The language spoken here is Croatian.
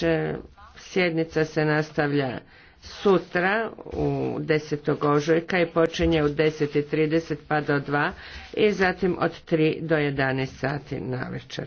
će sjednica se nastavlja sutra u 10. ožujka i počinje u 10.30 pa do 2 i zatim od 3 do 11 sati na večer.